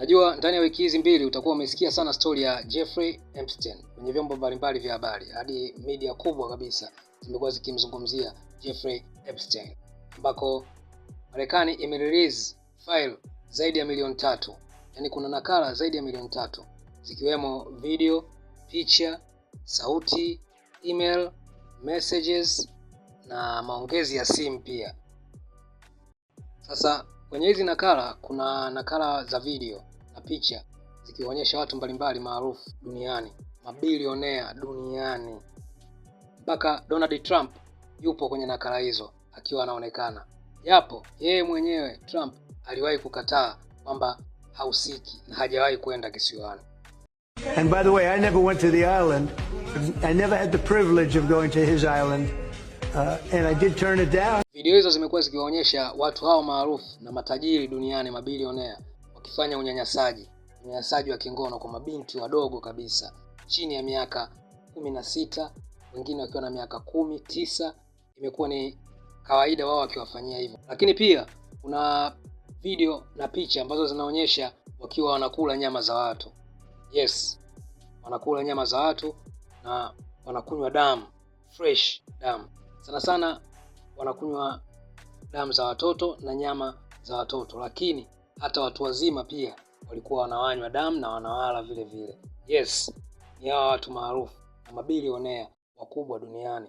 Najua ndani ya wiki hizi mbili utakuwa umesikia sana stori ya Jeffrey Epstein kwenye vyombo mbalimbali vya habari, hadi media kubwa kabisa zimekuwa zikimzungumzia Jeffrey Epstein, ambako Marekani imerelease file zaidi ya milioni tatu, yaani kuna nakala zaidi ya milioni tatu zikiwemo video, picha, sauti, email, messages na maongezi ya simu pia. Sasa kwenye hizi nakala kuna nakala za video na picha zikionyesha watu mbalimbali maarufu duniani, mabilionea duniani. Mpaka Donald Trump yupo kwenye nakala hizo akiwa anaonekana, japo yeye mwenyewe Trump aliwahi kukataa kwamba hausiki na hajawahi kwenda kisiwani. And by the way, I never went to the island. I never had the privilege of going to his island. Uh, and I did turn it down. Video hizo zimekuwa zikiwaonyesha watu hao maarufu na matajiri duniani mabilionea wakifanya unyanyasaji, unyanyasaji wa kingono kwa mabinti wadogo kabisa chini ya miaka kumi na sita, wengine wakiwa na miaka kumi tisa. Imekuwa ni kawaida wao wakiwafanyia hivyo, lakini pia kuna video na picha ambazo zinaonyesha wakiwa wanakula nyama za watu. Yes, wanakula nyama za watu na wanakunywa damu fresh, damu sana sana wanakunywa damu za watoto na nyama za watoto, lakini hata watu wazima pia walikuwa wanawanywa damu na wanawala vile vile. Yes, ni hawa watu maarufu na mabilionea wakubwa duniani.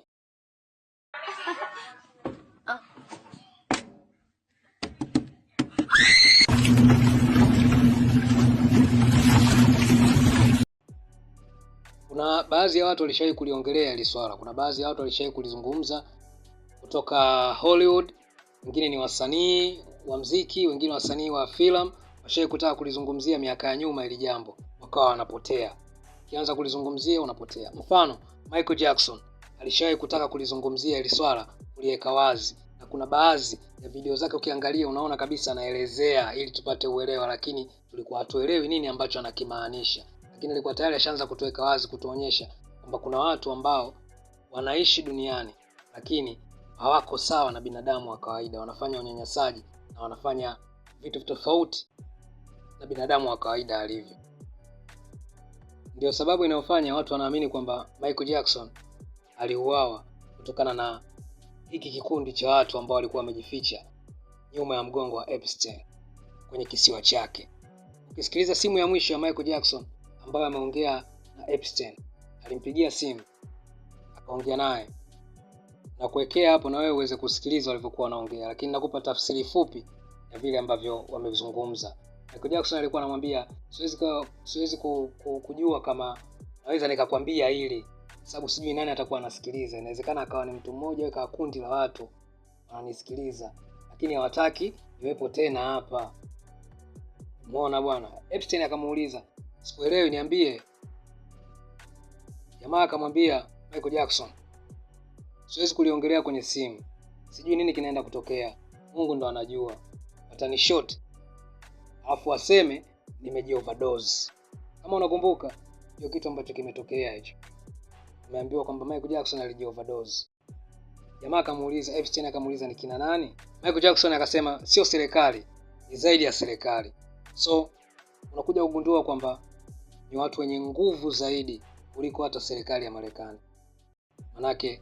Kuna baadhi ya watu walishawahi kuliongelea hili swala, kuna baadhi ya watu walishawahi kulizungumza kutoka Hollywood, wengine ni wasanii, wa mziki, wengine wasanii wa filamu washai kutaka kulizungumzia miaka ya nyuma ili jambo, wakawa wanapotea. Ukianza kulizungumzia unapotea. Mfano, Michael Jackson alishawahi kutaka kulizungumzia ili swala, kuliweka wazi, na kuna baadhi ya video zake ukiangalia, unaona kabisa anaelezea ili tupate uelewa, lakini tulikuwa hatuelewi nini ambacho anakimaanisha, lakini alikuwa tayari ashaanza kutuweka wazi, kutuonyesha kwamba kuna watu ambao wanaishi duniani lakini hawako sawa na binadamu wa kawaida, wanafanya unyanyasaji na wanafanya vitu tofauti na binadamu wa kawaida alivyo. Ndio sababu inayofanya watu wanaamini kwamba Michael Jackson aliuawa kutokana na hiki kikundi cha watu ambao walikuwa wamejificha nyuma ya mgongo wa Epstein kwenye kisiwa chake. Ukisikiliza simu ya mwisho ya Michael Jackson ambayo ameongea na Epstein, alimpigia simu akaongea naye na kuwekea hapo na wewe uweze kusikiliza walivyokuwa wanaongea, lakini nakupa tafsiri fupi ya vile ambavyo wamezungumza. Michael Jackson alikuwa anamwambia siwezi siwezi ku, ku, kujua kama naweza nikakwambia hili sababu sijui nani atakuwa anasikiliza. Inawezekana akawa ni mtu mmoja au kundi la watu wananisikiliza, lakini hawataki niwepo tena hapa. Umeona bwana? Epstein akamuuliza, sikuelewi, niambie. Jamaa akamwambia Michael Jackson siwezi kuliongelea kwenye simu, sijui nini kinaenda kutokea, Mungu ndo anajua. Watani short afu aseme nimeji overdose. Kama unakumbuka hiyo kitu ambacho kimetokea hicho, umeambiwa kwamba Michael Jackson aliji overdose. Jamaa akamuuliza, Epstein akamuuliza ni kina nani? Michael Jackson akasema sio serikali, ni zaidi ya serikali. So unakuja kugundua kwamba ni watu wenye nguvu zaidi kuliko hata serikali ya Marekani manake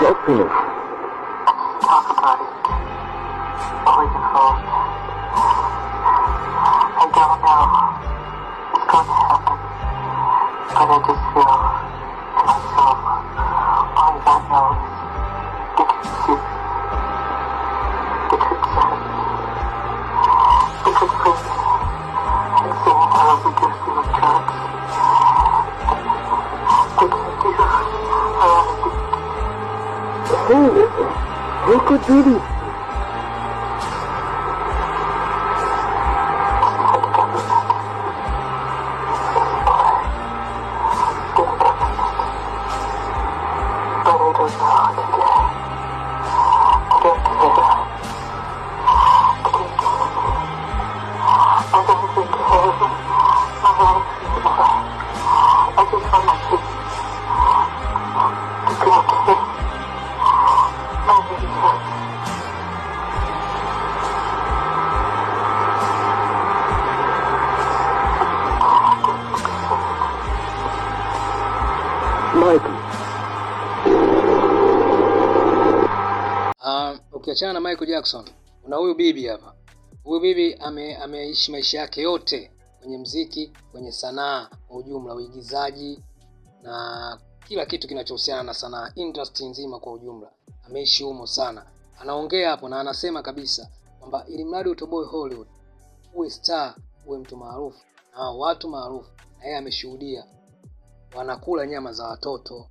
Talk Talk about it. Always involved. I don't know. It's going to happen. But I just feel that こう、ここずり。Achana na Michael Jackson, kuna huyu bibi hapa. Huyu bibi ame, ameishi maisha yake yote kwenye mziki, kwenye sanaa kwa ujumla, uigizaji na kila kitu kinachohusiana na sanaa, industry nzima kwa ujumla, ameishi humo sana. Anaongea hapo na anasema kabisa kwamba ili mradi utoboe Hollywood, uwe star, uwe mtu maarufu na watu maarufu, na yeye ameshuhudia, wanakula nyama za watoto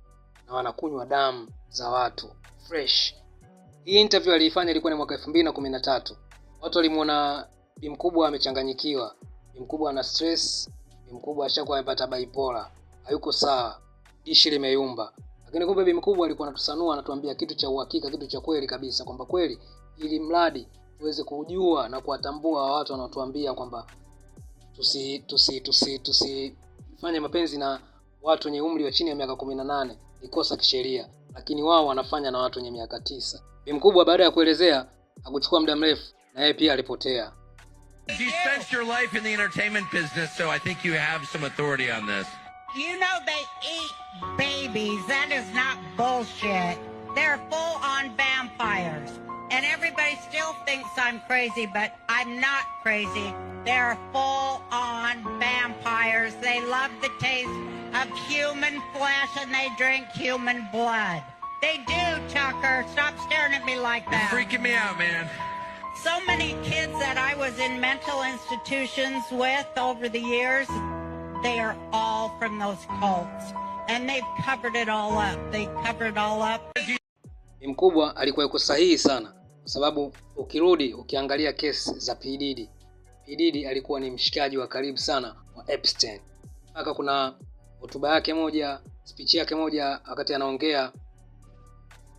na wanakunywa damu za watu fresh hii interview aliifanya ilikuwa ni mwaka 2013. Watu walimuona bi mkubwa amechanganyikiwa, bi mkubwa ana stress, bi mkubwa ashakuwa amepata bipolar, hayuko sawa, dishi limeyumba. Lakini kumbe bi mkubwa alikuwa anatusanua, anatuambia kitu cha uhakika, kitu cha kweli kabisa, kwamba kweli, ili mradi tuweze kujua na kuwatambua watu wanaotuambia kwamba tusi tusi tusi tusifanye mapenzi na watu wenye umri wa chini ya miaka 18 ni kosa kisheria lakini wao wanafanya na watu wenye miaka tisa. Bi mkubwa baada ya kuelezea, hakuchukua muda mrefu na yeye pia alipotea. You spent your life in the entertainment business, so I think you have some authority on this. You know they eat babies. That is not bullshit. They're full on vampires. And everybody still thinks I'm crazy, but I'm not crazy. They're full on vampires. They love the taste of human flesh and they drink human blood. They do, Tucker. Stop staring at me like that. You're freaking me out, man. So many kids that I was in mental institutions with over the years, they are all from those cults. And they've covered it all up. They covered it all up. Mkubwa alikuwa sahihi sana sababu ukirudi ukiangalia kesi za Ididi alikuwa ni mshikaji wa karibu sana wa Epstein. Mpaka kuna hotuba yake moja, speech yake moja, wakati anaongea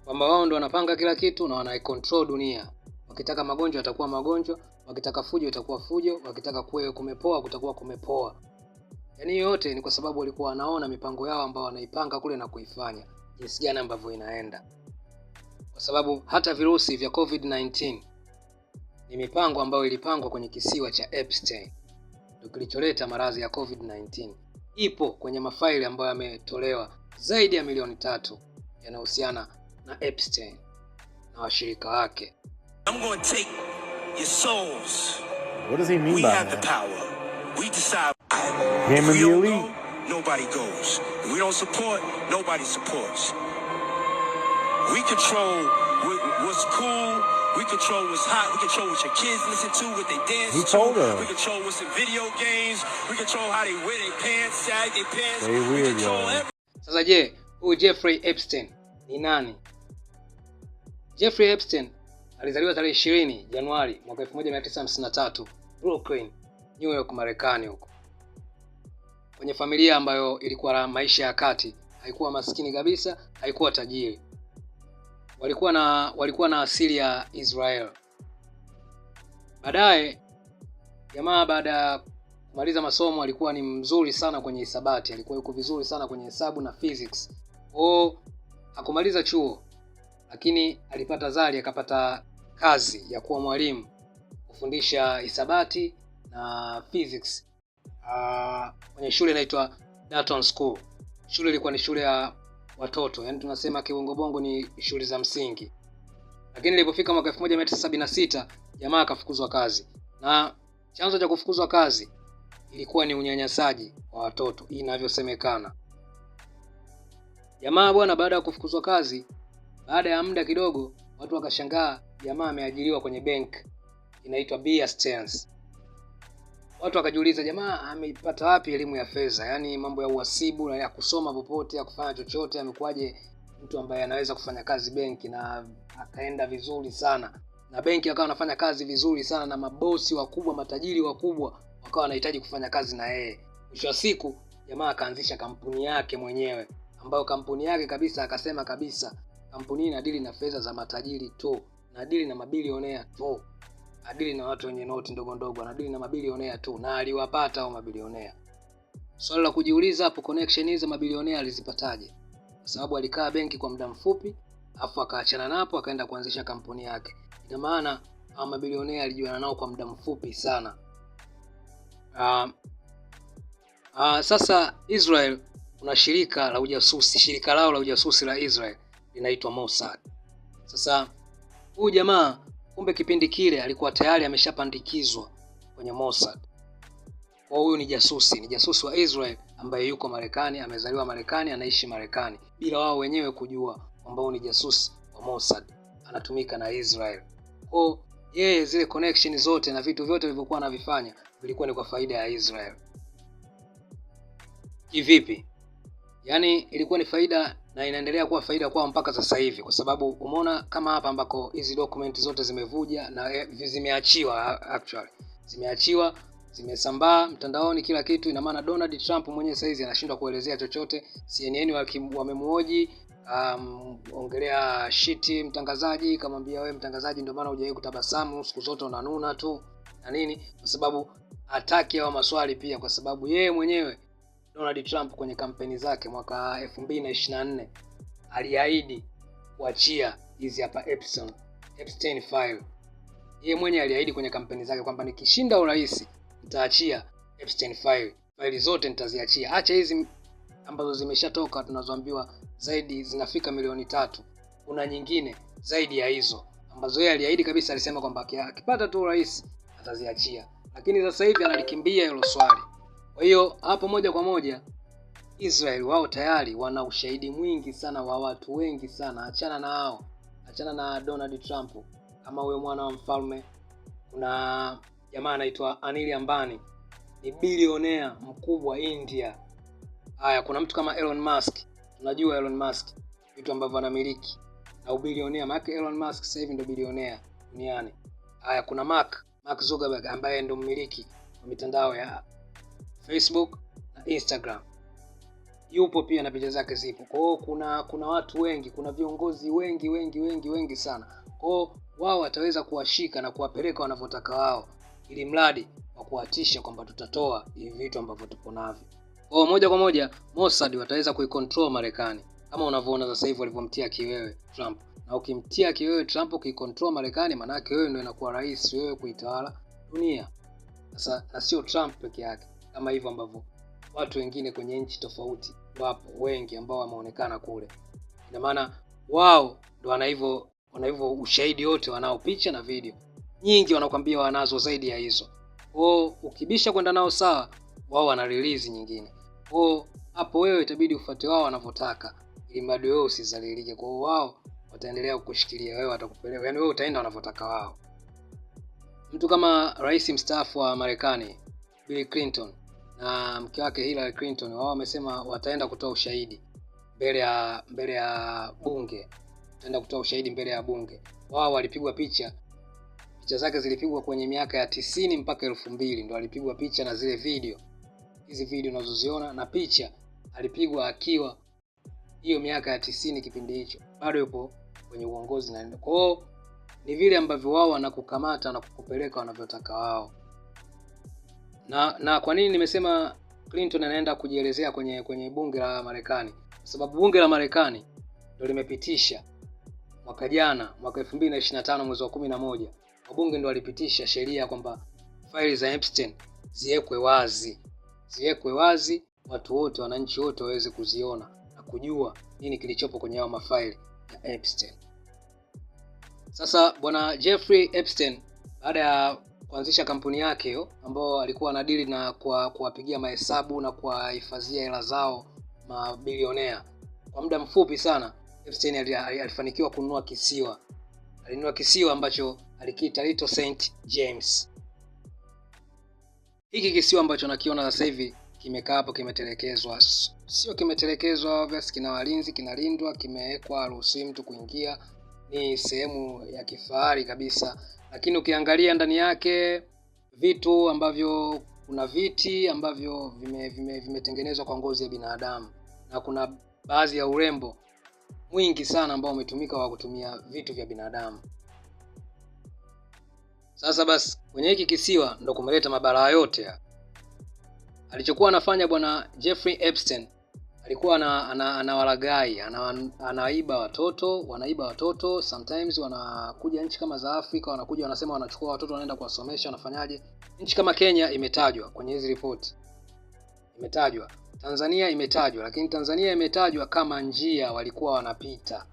kwamba wao ndo wanapanga kila kitu na control dunia. Wakitaka magonjwa yatakuwa magonjwa, wakitaka fujo itakuwa fujo, wakitaka kuwe kumepoa kutakuwa kumepoa. Yaani yote ni kwa sababu walikuwa wanaona mipango yao ambao wanaipanga kule na kuifanya jinsi gani ambavyo inaenda, kwa sababu hata virusi vya COVID-19 ni mipango ambayo ilipangwa kwenye kisiwa cha Epstein ndio kilicholeta maradhi ya COVID-19. Ipo kwenye mafaili ambayo yametolewa zaidi ya milioni tatu yanahusiana na Epstein na washirika wake. I'm going to take your souls. What does he mean by that? we have the power. We decide. Him and the elite. Nobody goes. we don't support, nobody supports. We control what's cool We control what's hot. We control what your kids listen to, what they dance he told to. We control what's in video games. We control how they wear their pants, sag their pants. They weird, we control everything. Sasa je, huyu Jeffrey Epstein ni nani? Jeffrey Epstein alizaliwa tarehe 20 Januari mwaka 1953 Brooklyn, New York, Marekani huko kwenye familia ambayo ilikuwa na maisha ya kati, haikuwa maskini kabisa, haikuwa tajiri walikuwa na walikuwa na asili ya Israel. Baadaye jamaa baada ya kumaliza masomo alikuwa ni mzuri sana kwenye hisabati, alikuwa yuko vizuri sana kwenye hesabu na physics. O, akumaliza chuo lakini alipata zari akapata kazi ya kuwa mwalimu kufundisha hisabati na physics uh, kwenye shule inaitwa Dalton School. Shule ilikuwa ni shule ya watoto, yani tunasema kibongobongo ni shule za msingi. Lakini ilipofika mwaka 1976 jamaa akafukuzwa kazi, na chanzo cha kufukuzwa kazi ilikuwa ni unyanyasaji wa watoto inavyosemekana. Jamaa bwana, baada ya kufukuzwa kazi, baada ya muda kidogo, watu wakashangaa jamaa ameajiriwa kwenye bank inaitwa Bear Stearns watu wakajiuliza jamaa amepata wapi elimu ya fedha, yaani mambo ya uhasibu na ya kusoma popote ya kufanya chochote, amekuwaje mtu ambaye anaweza kufanya kazi benki, na akaenda vizuri sana na benki akawa anafanya kazi vizuri sana, na mabosi wakubwa, matajiri wakubwa wakawa wanahitaji kufanya kazi na yeye. Mwisho wa siku jamaa akaanzisha kampuni yake mwenyewe, ambayo kampuni yake kabisa akasema kabisa, kampuni nadili na fedha za matajiri tu, nadili na mabilionea tu adili na watu wenye noti ndogo ndogo, anadili na mabilionea tu, na aliwapata hao mabilionea. Swali la kujiuliza hapo, connection hizo mabilionea alizipataje? Kwa sababu alikaa benki kwa muda mfupi, afu akaachana napo, akaenda kuanzisha kampuni yake. Ina maana hao mabilionea alijuana nao kwa muda mfupi sana. Uh, uh, sasa Israel kuna shirika la ujasusi, shirika lao la ujasusi la Israel linaitwa Mossad. Sasa huyu jamaa Kumbe kipindi kile alikuwa tayari ameshapandikizwa kwenye Mossad. Kwa huyu ni jasusi, ni jasusi wa Israel ambaye yuko Marekani, amezaliwa Marekani, anaishi Marekani bila wao wenyewe kujua kwamba huyu ni jasusi wa Mossad, anatumika na Israel. Kwa yeye zile connection zote na vitu vyote vilivyokuwa anavifanya vilikuwa ni kwa faida ya Israel. Kivipi? Yaani ilikuwa ni faida na inaendelea kuwa faida kwao mpaka sasa hivi, kwa sababu umeona kama hapa ambako hizi document zote zimevuja na eh, zimeachiwa, actually zimeachiwa, zimesambaa mtandaoni, kila kitu. Ina maana Donald Trump mwenyewe sasa hizi anashindwa kuelezea chochote. CNN wamemuoji Um, ongelea shiti mtangazaji, kamwambia wewe mtangazaji, ndio maana hujawahi kutabasamu, siku zote unanuna tu na nini, kwa sababu hataki hao maswali pia, kwa sababu yeye mwenyewe Donald Trump kwenye kampeni zake mwaka 2024 aliahidi kuachia hizi hapa Epstein, Epstein file. Yeye mwenye aliahidi kwenye kampeni zake kwamba nikishinda urais nitaachia Epstein file, faili zote nitaziachia, acha hizi ambazo zimeshatoka tunazoambiwa zaidi zinafika milioni tatu. Kuna nyingine zaidi ya hizo ambazo yeye aliahidi kabisa, alisema kwamba akipata tu urais ataziachia, lakini sasa hivi analikimbia hilo swali. Kwa hiyo hapo moja kwa moja Israel wao tayari wana ushahidi mwingi sana wa watu wengi sana. Achana na hao, achana na Donald Trump kama huyo mwana wa mfalme. Kuna jamaa anaitwa Anil Ambani, ni bilionea mkubwa India. Haya, kuna mtu kama Elon Musk, tunajua Elon Musk vitu ambavyo anamiliki na ubilionea, maana Elon Musk sasa hivi ndio bilionea duniani. Haya, kuna Mark Mark Zuckerberg ambaye ndio mmiliki wa mitandao ya Facebook na Instagram. Yupo pia na picha zake zipo. Kwa hiyo kuna kuna watu wengi, kuna viongozi wengi wengi wengi wengi sana. Kwa hiyo wao wataweza kuwashika na kuwapeleka wanavyotaka wao, ili mradi wa kuhatisha kwamba tutatoa hivi vitu ambavyo tupo navyo. Kwa hiyo moja kwa moja Mossad wataweza kuikontrol Marekani kama unavyoona sasa hivi walivyomtia kiwewe Trump. Na ukimtia kiwewe Trump ukikontrol Marekani, maana yake wewe ndio inakuwa rais, wewe kuitawala dunia. Sasa na sio Trump peke yake kama hivyo ambavyo watu wengine kwenye nchi tofauti wapo wengi ambao wameonekana kule. Ina maana wao ndo wana hivyo wana hivyo ushahidi wote, wanao picha na video nyingi, wanakwambia wanazo zaidi ya hizo. Kwao ukibisha kwenda nao sawa, wao wana release nyingine. Kwao hapo wewe itabidi ufuate wao wanavyotaka, ili mradi wewe usizalilike. Kwao wao wataendelea kukushikilia wewe, watakupeleka yani, wewe utaenda wanavyotaka wao. Mtu kama rais mstaafu wa Marekani Bill Clinton na mke wake Hillary Clinton, wao wamesema wataenda kutoa ushahidi mbele ya mbele ya bunge, wataenda kutoa ushahidi mbele ya bunge. Wao walipigwa picha, picha zake zilipigwa kwenye miaka ya tisini mpaka elfu mbili ndo alipigwa picha na zile video, hizi video unazoziona na picha alipigwa akiwa hiyo miaka ya tisini, kipindi hicho bado yupo kwenye uongozi na kwao ni vile ambavyo wao wanakukamata na kukupeleka wanavyotaka wao na na kwa nini nimesema Clinton anaenda kujielezea kwenye kwenye bunge la Marekani? Kwa sababu bunge la Marekani ndio limepitisha mwaka jana, mwaka 2025 mwezi wa 11, wabunge ndio walipitisha sheria kwamba faili za Epstein ziwekwe wazi, ziwekwe wazi, watu wote, wananchi wote waweze kuziona na kujua nini kilichopo kwenye hayo mafaili ya Epstein. Sasa bwana Jeffrey Epstein baada ya kuanzisha kampuni yake ambao alikuwa anadili na kwa kuwapigia mahesabu na kuwahifadhia hela zao mabilionea. Kwa muda mfupi sana Epstein alifanikiwa kununua kisiwa, alinunua kisiwa ambacho alikiita Little Saint James. Hiki kisiwa ambacho nakiona sasa hivi kimekaa hapo, kimetelekezwa, sio kimetelekezwa, obviously kina walinzi, kinalindwa, kimewekwa, ruhusi mtu kuingia ni sehemu ya kifahari kabisa, lakini ukiangalia ndani yake vitu ambavyo kuna viti ambavyo vimetengenezwa vime, vime kwa ngozi ya binadamu na kuna baadhi ya urembo mwingi sana ambao umetumika kwa kutumia vitu vya binadamu. Sasa basi, kwenye hiki kisiwa ndo kumeleta mabalaa yote. Alichokuwa anafanya bwana Jeffrey Epstein alikuwa ana, ana, anawalagai ana, anaiba watoto wanaiba watoto sometimes wanakuja nchi kama za Afrika wanakuja wanasema wanachukua watoto wanaenda kuwasomesha wanafanyaje nchi kama Kenya imetajwa kwenye hizi ripoti imetajwa Tanzania imetajwa lakini Tanzania imetajwa kama njia walikuwa wanapita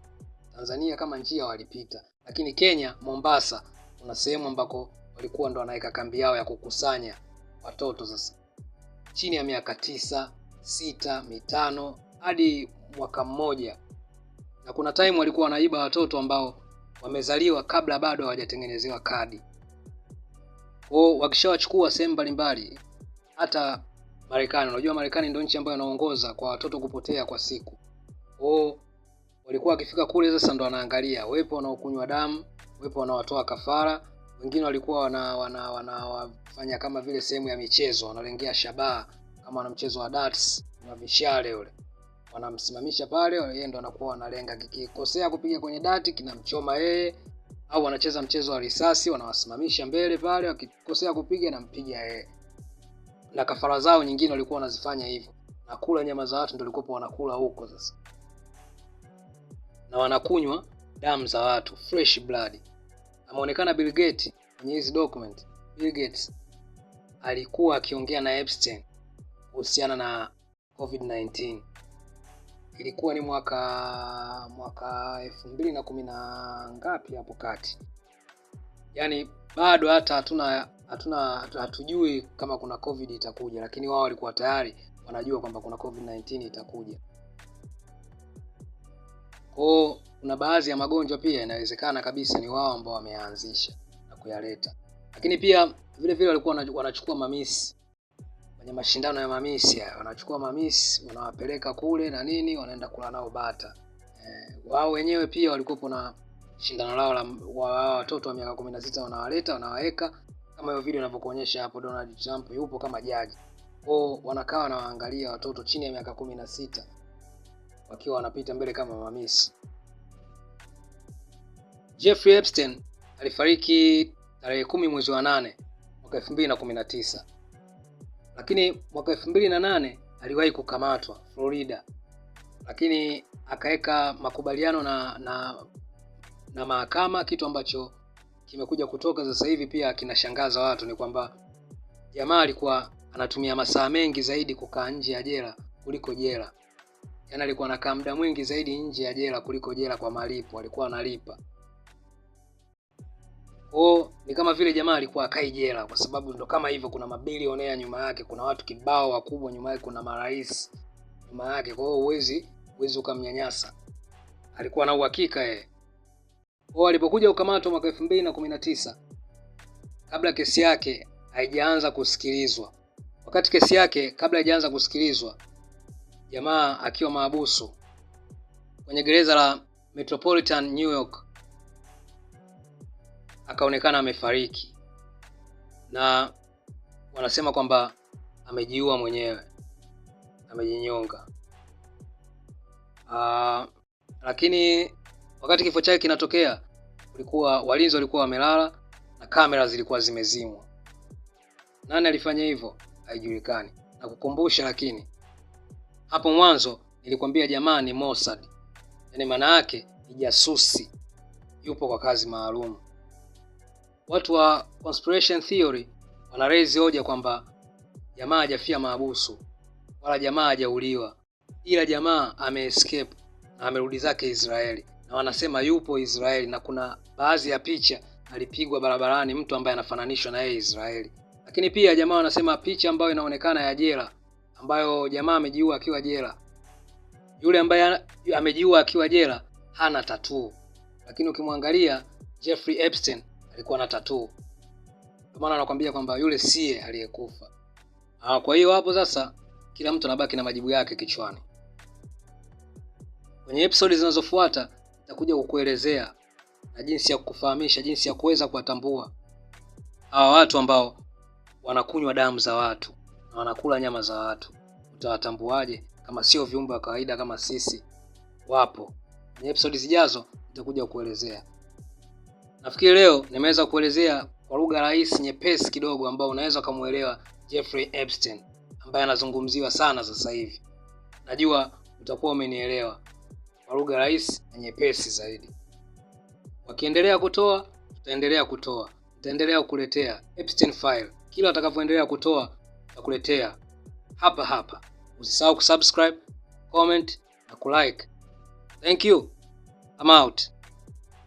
Tanzania kama njia walipita lakini Kenya Mombasa kuna sehemu ambako walikuwa ndo wanaweka kambi yao ya kukusanya watoto sasa chini ya miaka tisa sita, mitano hadi mwaka mmoja, na kuna time walikuwa wanaiba watoto ambao wamezaliwa kabla bado hawajatengenezewa kadi. hiyo wakishawachukua sehemu mbalimbali, hata Marekani. Unajua Marekani ndio nchi ambayo inaongoza kwa watoto kupotea kwa siku. hiyo walikuwa wakifika kule, sasa ndo wanaangalia wepo wanaokunywa damu, wepo wanaotoa kafara, wengine walikuwa wana, wana, wana, wana, kama vile sehemu ya michezo, wanalengea shabaha kama ana mchezo wa darts na vishale yule wanamsimamisha pale, yeye ndo anakuwa analenga. Kikikosea kupiga kwenye dati kinamchoma yeye, au wanacheza mchezo wa risasi, wanawasimamisha mbele pale, wakikosea kupiga nampiga yeye. Na kafara zao nyingine walikuwa wanazifanya hivyo, na kula nyama za watu, ndo walikuwa wanakula huko sasa, na wanakunywa damu za watu, fresh blood. Ameonekana Bill Gates kwenye hizi document. Bill Gates alikuwa akiongea na Epstein kuhusiana na COVID-19. Ilikuwa ni mwaka mwaka elfu mbili na kumi na ngapi hapo kati, yaani bado hata hatuna hatuna hatujui kama kuna COVID itakuja, lakini wao walikuwa tayari wanajua kwamba kuna COVID-19 itakuja. Kwao kuna baadhi ya magonjwa pia inawezekana kabisa ni wao ambao wameanzisha na kuyaleta, lakini pia vile vile walikuwa wanachukua mamisi kwenye mashindano ya mamisi haya, wanachukua mamisi wanawapeleka kule na nini, wanaenda kula nao bata. Eh, wao wenyewe pia walikuwa na shindano lao la wa watoto wa miaka kumi na sita wanawaleta wanawaweka kama hiyo video inavyokuonyesha hapo, Donald Trump yupo kama jaji kwao, wanakaa wanawaangalia watoto chini ya miaka kumi na sita wakiwa wanapita mbele kama mamisi. Jeffrey Epstein alifariki tarehe kumi mwezi wa nane mwaka elfu mbili na kumi na tisa lakini mwaka elfu mbili na nane aliwahi kukamatwa Florida, lakini akaweka makubaliano na, na na mahakama, kitu ambacho kimekuja kutoka sasa hivi pia kinashangaza watu, ni kwamba jamaa alikuwa anatumia masaa mengi zaidi kukaa nje ya jela kuliko jela. Yaani alikuwa anakaa muda mwingi zaidi nje ya jela kuliko jela kwa malipo, alikuwa analipa. Kwao ni kama vile jamaa alikuwa akai jela, kwa sababu ndo kama hivyo, kuna mabilionea nyuma yake, kuna watu kibao wakubwa nyuma yake, kuna marais nyuma yake. Kwa hiyo uwezi uwezi ukamnyanyasa, alikuwa na uhakika yeye. Kwao alipokuja ukamatwa mwaka elfu mbili na kumi na tisa kabla kesi yake haijaanza kusikilizwa, wakati kesi yake kabla haijaanza kusikilizwa, jamaa akiwa maabusu kwenye gereza la Metropolitan New York akaonekana amefariki, na wanasema kwamba amejiua mwenyewe, amejinyonga. Aa, ah, lakini wakati kifo chake kinatokea, kulikuwa walinzi walikuwa wamelala na kamera zilikuwa zimezimwa. Nani alifanya hivyo haijulikani. Na kukumbusha, lakini hapo mwanzo nilikwambia jamani ni Mossad, yaani maana yake ni jasusi, yupo kwa kazi maalum watu wa conspiration theory wana raise hoja kwamba jamaa hajafia maabusu wala jamaa hajauliwa, ila jamaa ameescape na amerudi zake Israeli, na wanasema yupo Israeli, na kuna baadhi ya picha alipigwa barabarani mtu ambaye anafananishwa na yeye Israeli. Lakini pia jamaa wanasema picha ambayo inaonekana ya jela ambayo jamaa amejiua akiwa jela, yule ambaye amejiua akiwa jela hana tatuu, lakini ukimwangalia Jeffrey Epstein alikuwa na tatuu, kwa maana anakuambia kwamba yule siye aliyekufa. Ah, kwa hiyo hapo sasa kila mtu anabaki na majibu yake kichwani. Kwenye episodi zinazofuata nitakuja kukuelezea na jinsi ya kukufahamisha jinsi ya kuweza kuwatambua hawa watu ambao wanakunywa damu za watu na wanakula nyama za watu. Utawatambuaje kama sio viumbe wa kawaida kama sisi? Wapo. Kwenye episodi zijazo nitakuja kukuelezea. Nafikiri leo nimeweza kuelezea kwa lugha rahisi nyepesi kidogo ambao unaweza ukamwelewa Jeffrey Epstein ambaye anazungumziwa sana sasa hivi. Najua utakuwa umenielewa kwa lugha rahisi na nyepesi zaidi. Wakiendelea kutoa, tutaendelea kutoa, tutaendelea kukuletea Epstein file. Kila watakavyoendelea kutoa, tutakuletea hapa hapa. Usisahau kusubscribe, comment na kulike. Thank you. I'm out.